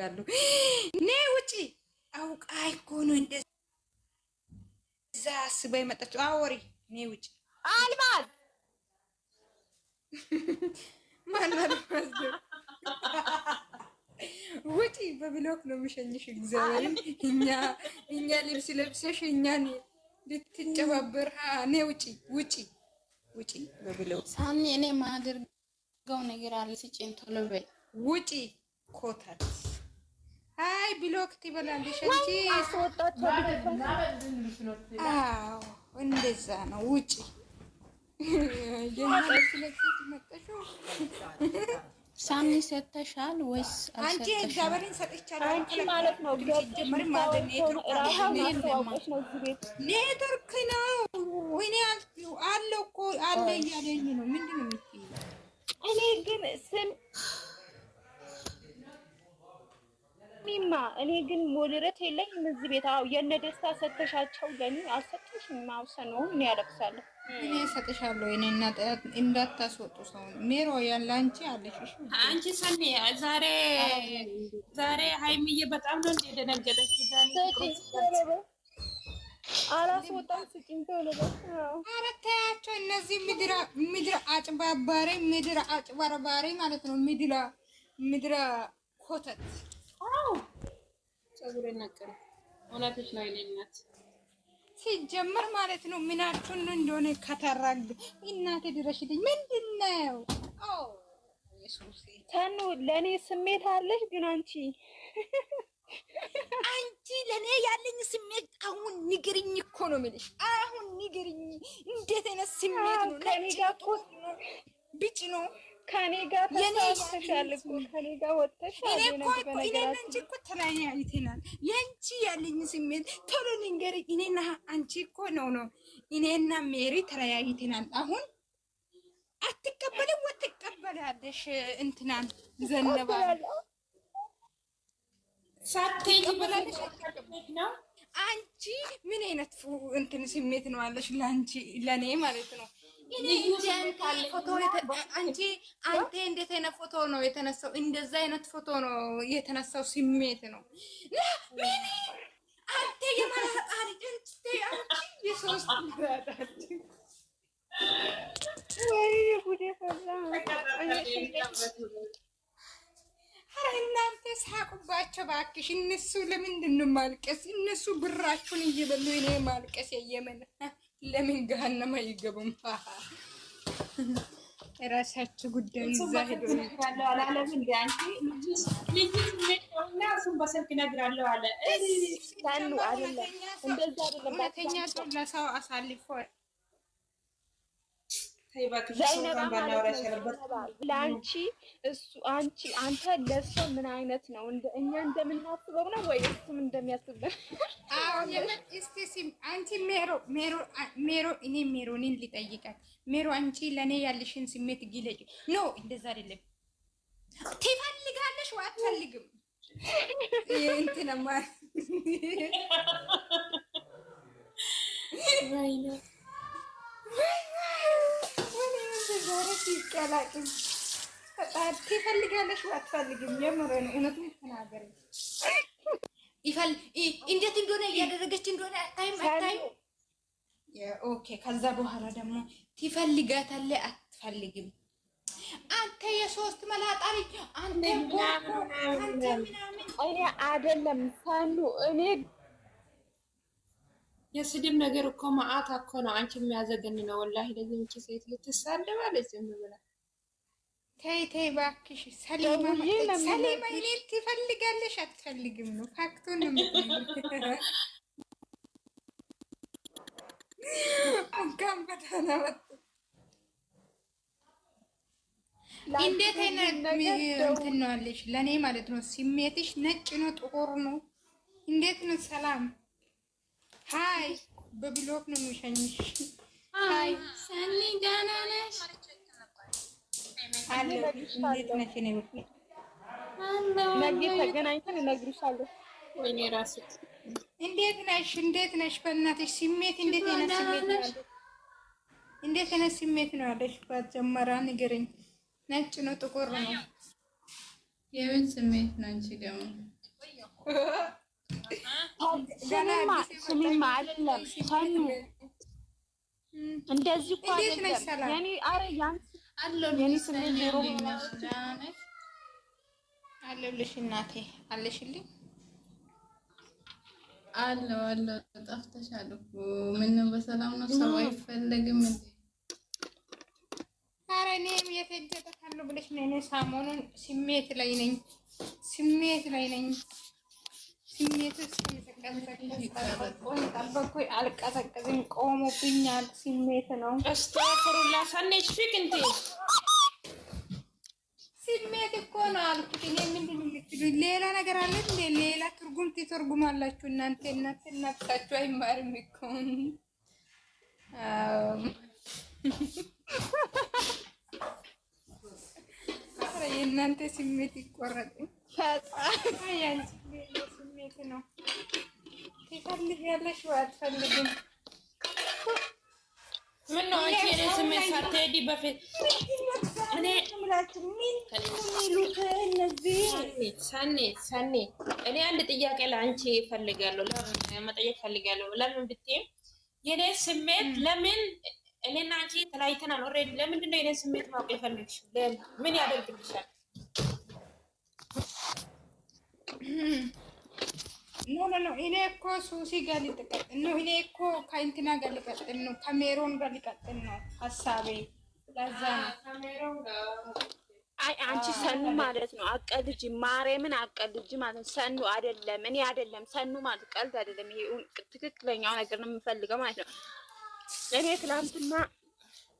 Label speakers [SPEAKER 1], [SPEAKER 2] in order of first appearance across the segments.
[SPEAKER 1] ያሉ ኔ ውጪ አውቃ እኮ ነው እንደዛ አስባ የመጣችው። አወሪ ኔ ውጪ አልማዝ ማን አልማዝ ውጪ። በብሎክ ነው የሚሸኝሽ እግዚአብሔርን። እኛ እኛ ልብስ ለብሰሽ እኛን ልትጨባበር ኔ ውጪ ውጪ ውጪ። በብሎክ
[SPEAKER 2] ሳኒ እኔ ማድርገው ነገር አለ። ስጭኝ ቶሎ በይ
[SPEAKER 1] ውጪ ኮታት ብሎክት ይበላልሽ እንጂ አዎ፣ እንደዛ ነው። ውጪ
[SPEAKER 2] ሳሚ ሰተሻል ወይስ
[SPEAKER 1] አንቺ? እግዚአብሔርን
[SPEAKER 2] ሰጥቻለሁ ማለት ነው።
[SPEAKER 1] ኔትወርክ ነው። ወይኔ አለ እኮ አለ እያለኝ ነው። ምንድን ነው
[SPEAKER 2] እኔ ግን ስም እኔማ እኔ ግን ሞድረት የለኝም እዚህ ቤት። አዎ የነ ደስታ ሰተሻቸው ለኔ አልሰጥሽም። ማውሰኑ እኔ ያለቅሳለሁ።
[SPEAKER 1] እኔ ሰጥሻለሁ። እኔ እና እንዳታስወጡ ሰው ሜሮ ያለ አንቺ አለሽ። አንቺ ሰኒ ዛሬ ዛሬ ሀይሚዬ በጣም ነው እንደ ደነገጠች
[SPEAKER 2] አላስወጣም። ስጭኝ
[SPEAKER 1] ኧረ ተያቸው። እነዚህ ምድር ምድር አጭበርባሪ ምድር አጭበርባሪ ማለት ነው። ምድር ምድረ ኮተት ጸጉር ነቀረ እውነትሽ ነው። የእኔ እናት ሲጀመር ማለት ነው ምናችን እንደሆነ ከተራግ እናቴ ድረሽልኝ። ምንድን ነው
[SPEAKER 2] ታኑ ለእኔ ስሜት አለሽ፣ ግን አንቺ
[SPEAKER 1] አንቺ ለእኔ ያለኝ ስሜት አሁን ንግርኝ እኮ ነው የምልሽ። አሁን ንግርኝ እንዴት አይነት ስሜት ነው? ከእኔ ጋር ነው
[SPEAKER 2] ከኔ ጋር ተሳስተሻል እኮ ከኔ ጋር ወጥተሻል።
[SPEAKER 1] የአንቺ ያለኝ ስሜት ቶሎ ንገሪ። እኔና አንቺ እኮ ነው ነው እኔና ሜሪ ተለያይተናል። አሁን አትቀበልም ወይ ትቀበላለሽ? እንትናን አንቺ ምን አይነት እንትን ስሜት ነው አለሽ ለአንቺ ለእኔ ማለት ነው አንቺ አንተ እንዴት አይነት ፎቶ ነው የተነሳው? እንደዛ አይነት ፎቶ ነው የተነሳው። ስሜት ነው አንተ እናንተ ሳቁባቸው እባክሽ። እነሱ ለምንድን ነው ማልቀስ? እነሱ ብራችሁን እየበሉ እኔ ማልቀስ የየመን ለምን ገሀነም አይገቡም? የራሳችሁ ጉዳይ እዛ ሄዶ
[SPEAKER 2] አላለም። እንደ አንቺ
[SPEAKER 1] እሱን በስልክ እነግራለሁ አለ።
[SPEAKER 2] እንደዛ አይደለም።
[SPEAKER 1] ለሰው አሳልፎ
[SPEAKER 2] ለአንቺ እሱ አንቺ አንተ ለእሷ ምን አይነት ነው? እኛ እንደምናስበው ነው ወይ እሱም እንደሚያስበው?
[SPEAKER 1] አንቺ ሜሮ እኔ ሜሮንን ሊጠይቃት ሜሮ፣ አንቺ ለእኔ ያለሽን ስሜት ግለጭ። ኖ እንደዛ አይደለም። ትፈልጋለሽ ወይ አትፈልግም? እንትንማ ትፈልጋለሽ አትፈልግም? የምሬን እውነቱን ተናገሪ። እንዴት እንደሆነ እያደረገች እንደሆነ አታይም አታይም። ኦኬ። ከዛ በኋላ ደግሞ ትፈልጋታለህ አትፈልግም? አንተ የሶስት መላጣ አንተ
[SPEAKER 2] ምናምን አይደለም ሳሉ እኔ
[SPEAKER 1] የስድብ ነገር እኮ መዓት እኮ ነው። አንቺ የሚያዘገን ነው ወላሂ። ለዚህ ምቺ ሴት ልትሳደብ አለች። ዝም ብላ ተይ ተይ እባክሽ ሰሊማ ሰሊማ ይኔን ትፈልጋለሽ አትፈልግም ነው ፋክቱን እንኳን በደህና መጣ። እንዴት አይነት እንትን ነው አለሽ? ለእኔ ማለት ነው ስሜትሽ ነጭ ነው ጥቁር ነው። እንዴት ነው ሰላም ሀይ በብሎክ ነው የሚሸኝሽ። ሀይ
[SPEAKER 2] ሰኒ ደህና ነሽ?
[SPEAKER 1] እንዴት ነሽ?
[SPEAKER 2] ነገ ተገናኝተን እነግርሻለሁ። ወይኔ እራሴ
[SPEAKER 1] እንዴት ነሽ? እንዴት ነሽ? በእናትሽ ስሜት እንዴት አይነት ስሜት ነው ያለሽ? እንዴት አይነት ስሜት ነው ያለሽ? ባጀመራ ንገረኝ። ነጭ ነው ጥቁር ነው?
[SPEAKER 2] የምን ስሜት ነው አንቺ ደግሞ
[SPEAKER 1] ስሚማ አይደለም ሰኑ እንደዚህ እኮ አይደለም። የኔ አረ ያን
[SPEAKER 2] የኔ ስሜት ሮ
[SPEAKER 1] አለሁልሽ እናቴ አለሽልኝ
[SPEAKER 2] አለው አለው ጠፍተሻል እኮ ምነው በሰላም ነው? ሰው አይፈለግም
[SPEAKER 1] ኧረ እኔም የተጀጠታለሁ ብለሽ ነው። እኔ ሰሞኑን ስሜት ላይ ነኝ፣ ስሜት ላይ ነኝ አልቀዘቅዝም ቆሞብኛል። ስሜት ነው። አስተፍሩላ ሰነች ፊክ እንት ስሜት እኮ ነው አልኩት። እኔ ምንድን የምትሉኝ ሌላ ነገር አለ እንዴ? ሌላ ትርጉም ትተርጉማላችሁ እናንተ እናንተ እናታችሁ አይማርም እኮ የእናንተ ስሜት ይቆረጥ ቤት ነው ትፈልጊያለሽ ወይ አትፈልጊም? ምነው አንቺ የእኔ ስሜት ሳትሄድ በፊት እኔ ሰኔ እኔ አንድ ጥያቄ ለአንቺ እፈልጋለሁ መጠየቅ ፈልጋለሁ ለምን ብትይም የእኔ ስሜት ለምን እኔና አንቺ ተለያይተናል ኦልሬዲ። ለምንድን ነው የእኔ ስሜት ማወቅ የፈለግሽ? ምን ያደርግልሻል? ኖ ኖ ኖ እኔ እኮ ሱሲ ጋር ልትቀጥል ነው። እኔ እኮ ከእንትና ጋር ልቀጥል ነው፣ ከሜሮን ጋር ልቀጥል ነው ሀሳቤ። ለዛ አይ አንቺ ሰኑ ማለት ነው አቀልጅ፣ ማርያምን አቀልጅ ማለት ነው። ሰኑ አይደለም እኔ አይደለም ሰኑ ማለት ቀልድ አይደለም። ይሄ ትክክለኛው ነገር ነው የምፈልገው ማለት ነው እኔ ትላንትና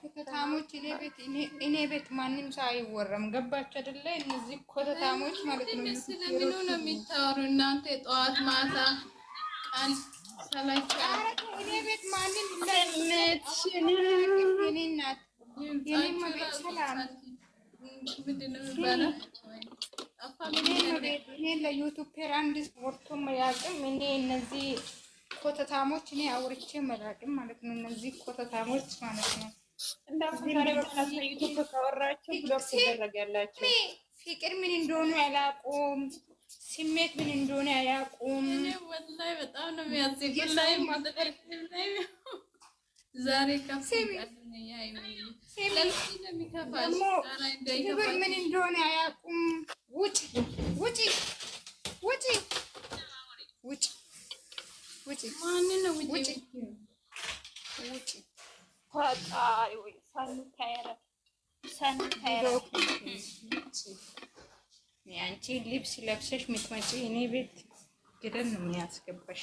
[SPEAKER 1] ኮተታሞች እኔ ቤት ማንም ሰው አይወራም። ገባች አይደለ? እነዚህ ኮተታሞች ማለት ነው። ስለምኑ ነው የሚታወሩ እናንተ? ጠዋት ማታ ቀን እኔ ቤት ማንም ናት ለዩቱብ ፔር አንድ ያቅም እኔ እነዚህ ኮተታሞች እኔ አውርቼ መላቅም ማለት ነው። እነዚህ ኮተታሞች ማለት ነው። ፍቅር ምን እንደሆኑ አያውቁም። ስሜት ምን እንደሆነ አያውቁም። ክብር ምን እንደሆነ አያውቁም። ውጭ ውጭ ውጭ ውጭ አንቺ ልብስ ለብሰሽ የምትመጪ እኔ ቤት ግደን ነው የሚያስገባሽ።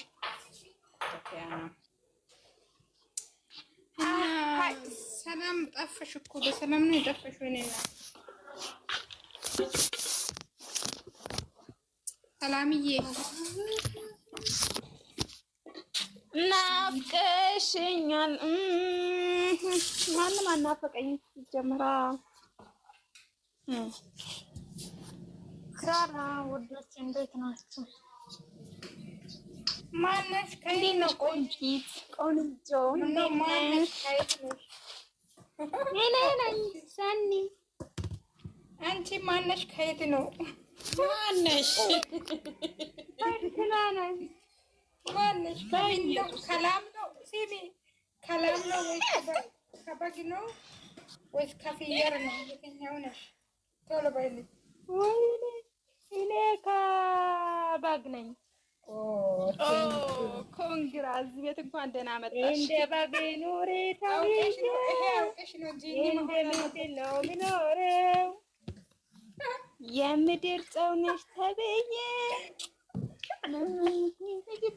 [SPEAKER 1] ሰላም ጠፋሽ እኮ በሰላም ነው የጠፋሽ። ወይኔና ሰላምዬ ናፍቀሽኛል። ማንም አናፈቀኝ። ጀምራ ክራር ውዶች እንዴት ናቸው? ማነሽ?
[SPEAKER 2] ከእንዴት ነው? ቆንጂት ቆንጆ
[SPEAKER 1] እኔ ነኝ ሰኒ። አንቺ ማነሽ? ከየት ነው? ማነሽ? ማነሽ? ከላም ነው ሲሚ ከላም ነው ወይ ከበግ ነው ወይስ ከፍየል ነው? የትኛው ነሽ? ቶሎ በይልኝ። እኔ ከበግ ነኝ። ኮንግራ እዚህ ቤት እንኳን ደህና መጣሽ። እንደ በግ ኑሪ ተብዬው የምድር ሰው ነሽ ተብዬ ግበት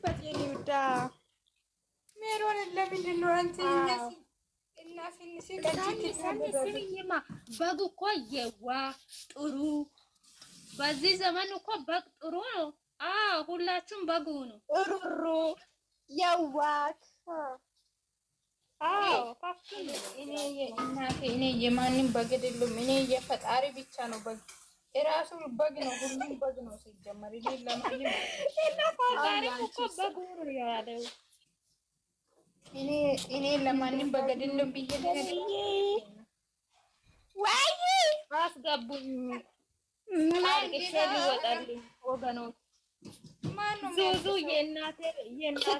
[SPEAKER 1] በግ እኮ የዋ ጥሩ በዚህ ዘመን እኮ በግ ጥሩ ነው። አዎ ሁላችሁም በግ ነው። ጥሩሩ የዋት እኔ የማንም በግ አይደለም። እኔ የፈጣሪ ብቻ ነው በግ የራሱ በግ ነው። ሁሉም በግ ነው ሲጀመር እኔ ለማንም በገድልም ብዬ ወይ አስገቡኝ። ዙዙ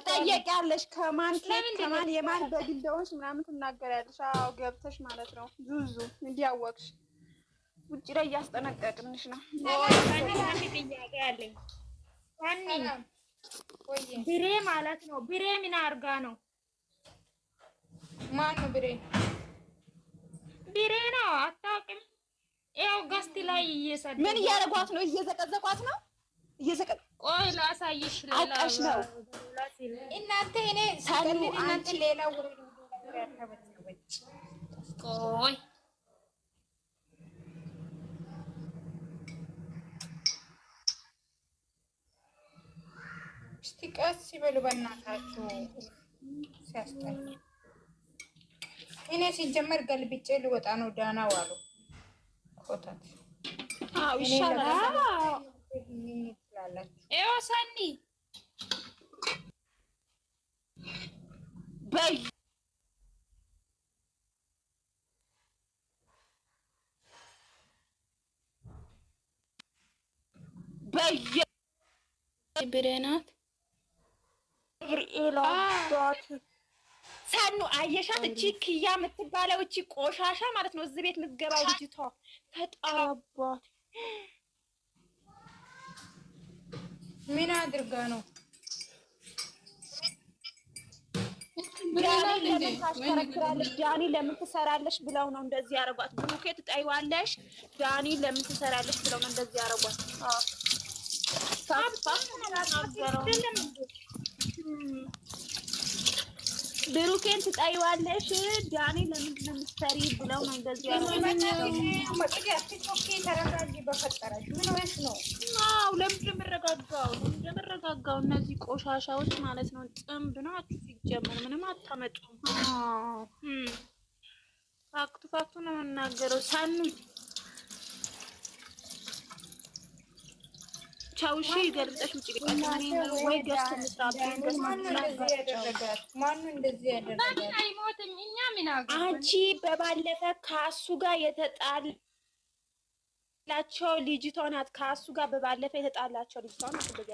[SPEAKER 1] ትጠየቂያለሽ። ከማን ከማን የማን በግ እንደሆንሽ ምናምን ትናገሪያለሽ። አዎ ገብተሽ ማለት ነው ዙዙ እንዲያወቅሽ ውጭ ላይ እያስጠነቀቅንሽ ነው። ጥያቄ ብሬ ማለት ነው። ብሬ ምን አርጋ ነው? ማን ብሬ? ብሬ ነው። አታውቅም? ያው ገስት ላይ እየሰደ ምን እያደረጓት ነው? እየዘቀዘቋት ነው። ቆይ ላሳይሽ። አውቀሽ ነው እናንተ እኔ ሳሉ አንቺ ሌላ ቆይ እስቲ ቀስ ይበሉ በእናታችሁ። ሲያስጠላ እኔ ሲጀመር ገልብጬ ልወጣ ነው። ዳና ዋሉ ቆታት ይሻላላላሰኒ በየ ብሬናት ሳኑ አየሻት? እቺ ክያ የምትባለው እቺ ቆሻሻ ማለት ነው። እዚህ ቤት የምትገባው ልጅቷ ተጣባት። ምን አድርጋ ነው ታሽከረክራለሽ? ዳኒ ለምን ትሰራለሽ ብለው ነው እንደዚህ ያደረጓት። ብሩኬ ትጠይዋለሽ። ዳኒ ለምን ትሰራለሽ ብለው ነው እንደዚህ ያደረጓት። ብሩኬን ትጠይዋለሽ ዳኒ ለምንድን ነው ብለው ነው እንደዚህ የምረጋጋው። እነዚህ ቆሻሻዎች ማለት ነው፣ ጥንብ ናችሁ። ሲጀመር ምንም አታመጡም። ፋክቱ ፋክቱ ነው የምናገረው ሳኑ ቻው እሺ፣ ውጭ ወይ ገስ አንቺ በባለፈ ከአሱ ጋር የተጣላቸው ልጅቷ ናት። ከአሱ ጋር በባለፈ የተጣላቸው ልጅቷ ናት። እንደዚህ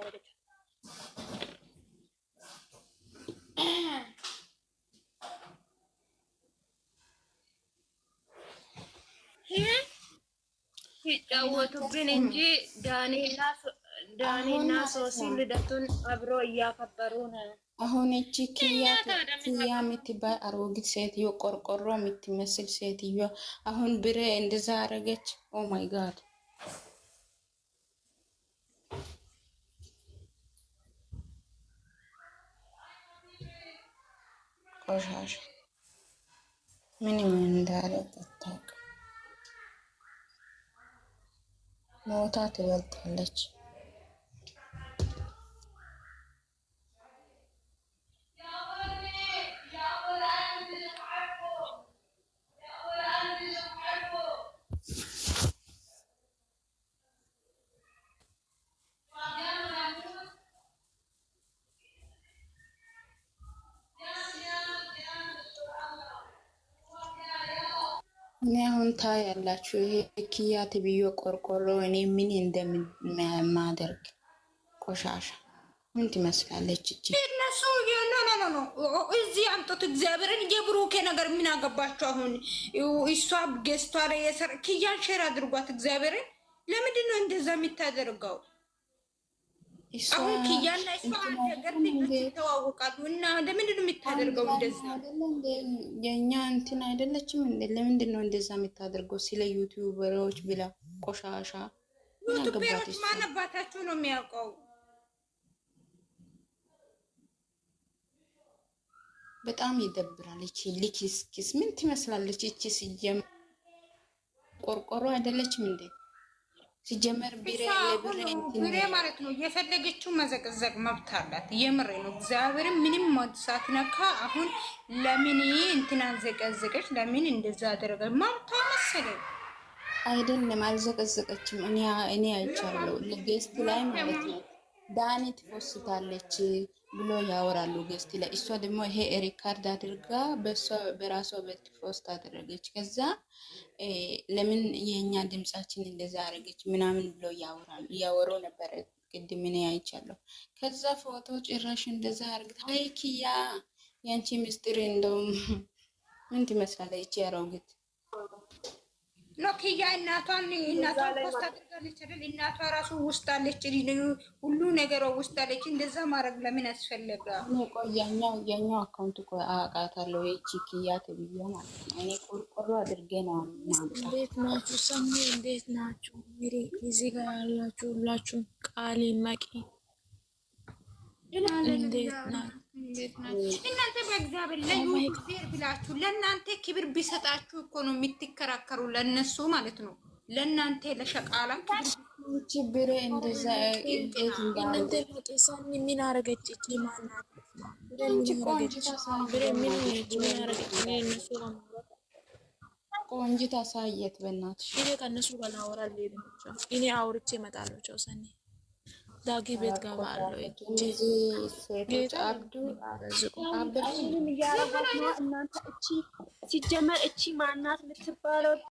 [SPEAKER 1] ያደረገች እንጂ ዳንኤላ ዳኒ እና ሶሲ ልደቱን አብሮ እያከበሩ ነው። አሁን እቺ ኪያ ኪያ የምትባል አሮጊት ሴትዮ ቆርቆሮ የምትመስል ሴትዮ አሁን ብሬ እንደዛ አረገች። ኦ ማይ ጋድ ቆሻሻ ምንም እንዳረገች ሞታ ትበልጣለች። እኔ አሁን ታ ያላችሁ ይሄ ኪያ ትብዮ ቆርቆሮ እኔ ምን እንደማደርግ ቆሻሻ ምን ትመስላለች እቺ። እነሱ ኖ እዚህ አምጦት እግዚአብሔርን የብሩኬ ነገር ምን አገባችሁ አሁን? እሷ ገዝቷ ላይ የሰር ኪያን ሼር አድርጓት እግዚአብሔርን። ለምንድን ነው እንደዛ የሚታደርገው አሁን ኪያና እሷ ነገር ይተዋወቃሉ እና ለምንድን ነው የምታደርገው? እንደዛ የእኛ እንትን አይደለችም። ለምንድን ነው እንደዛ የምታደርገው? ስለ ዩቲዩበሮች ብላ ቆሻሻ ዩቱቤሮች ማነባታችሁ ነው የሚያውቀው። በጣም ይደብራል። እቺ ልክስክስ ምን ትመስላለች? እቺ ስጀም ቆርቆሮ አይደለችም እንዴ? ሲጀመር ቢሬ ቢሬ ማለት ነው የፈለገችው መዘቅዘቅ መብት አላት። የምሬ ነው እግዚአብሔር ምንም ሳትነካ አሁን ለምን እንትናን ዘቀዘቀች፣ ለምን እንደዛ አደረገ መብቷ መሰለኝ። አይደለም አልዘቀዘቀችም። እኔ እኔ አይቻለሁ ልጌስት ላይ ማለት ነው ዳኒ ትፖስታለች ብሎ ያወራሉ ገስት ላይ። እሷ ደግሞ ይሄ ሪካርድ አድርጋ በራሷ በት በትፖስት አደረገች። ከዛ ለምን የእኛ ድምጻችን እንደዛ አደረገች ምናምን ብሎ እያወሩ ነበረ። ቅድም እኔ አይቻለሁ። ከዛ ፎቶ ጭራሽ እንደዛ አርግት ሀይክያ ኪያ የአንቺ ምስጢር እንደውም ምን ትመስላለች ያረውግት ኖክያ እናቷን እናቷን ፖስት አድርጋለች አይደል? እናቷ ራሱ ውስጥ አለች፣ ሁሉ ነገሯ ውስጥ አለች። እንደዛ ማድረግ ለምን አስፈለገ? የኛው አካውንት አውቃታለሁ፣ ይቺ ኪያ ተብዬ ማለት እኔ ቆርቆሮ አድርጌ ነው። እንዴት ናችሁ? ሰሚ እንዴት ናችሁ? እንግዲህ እዚህ ጋር ያላችሁ ሁላችሁም ቃል መቂ እንዴት ናችሁ? እናንተ በእግዚአብሔር ላይ ጊዜር oh ብላችሁ ለእናንተ ክብር ቢሰጣችሁ እኮ ነው የምትከራከሩ። ማለት ነው ለእናንተ ለሸቃላ ምን አረገች? ቆንጅት አሳየት። በእናትሽ እኔ ከእነሱ ጋር ላወራ እኔ አውርቼ እመጣለሁ ሰኔ ዳጊ ቤት ገባለሁ። ሲጀመር እቺ ማናት የምትባለው?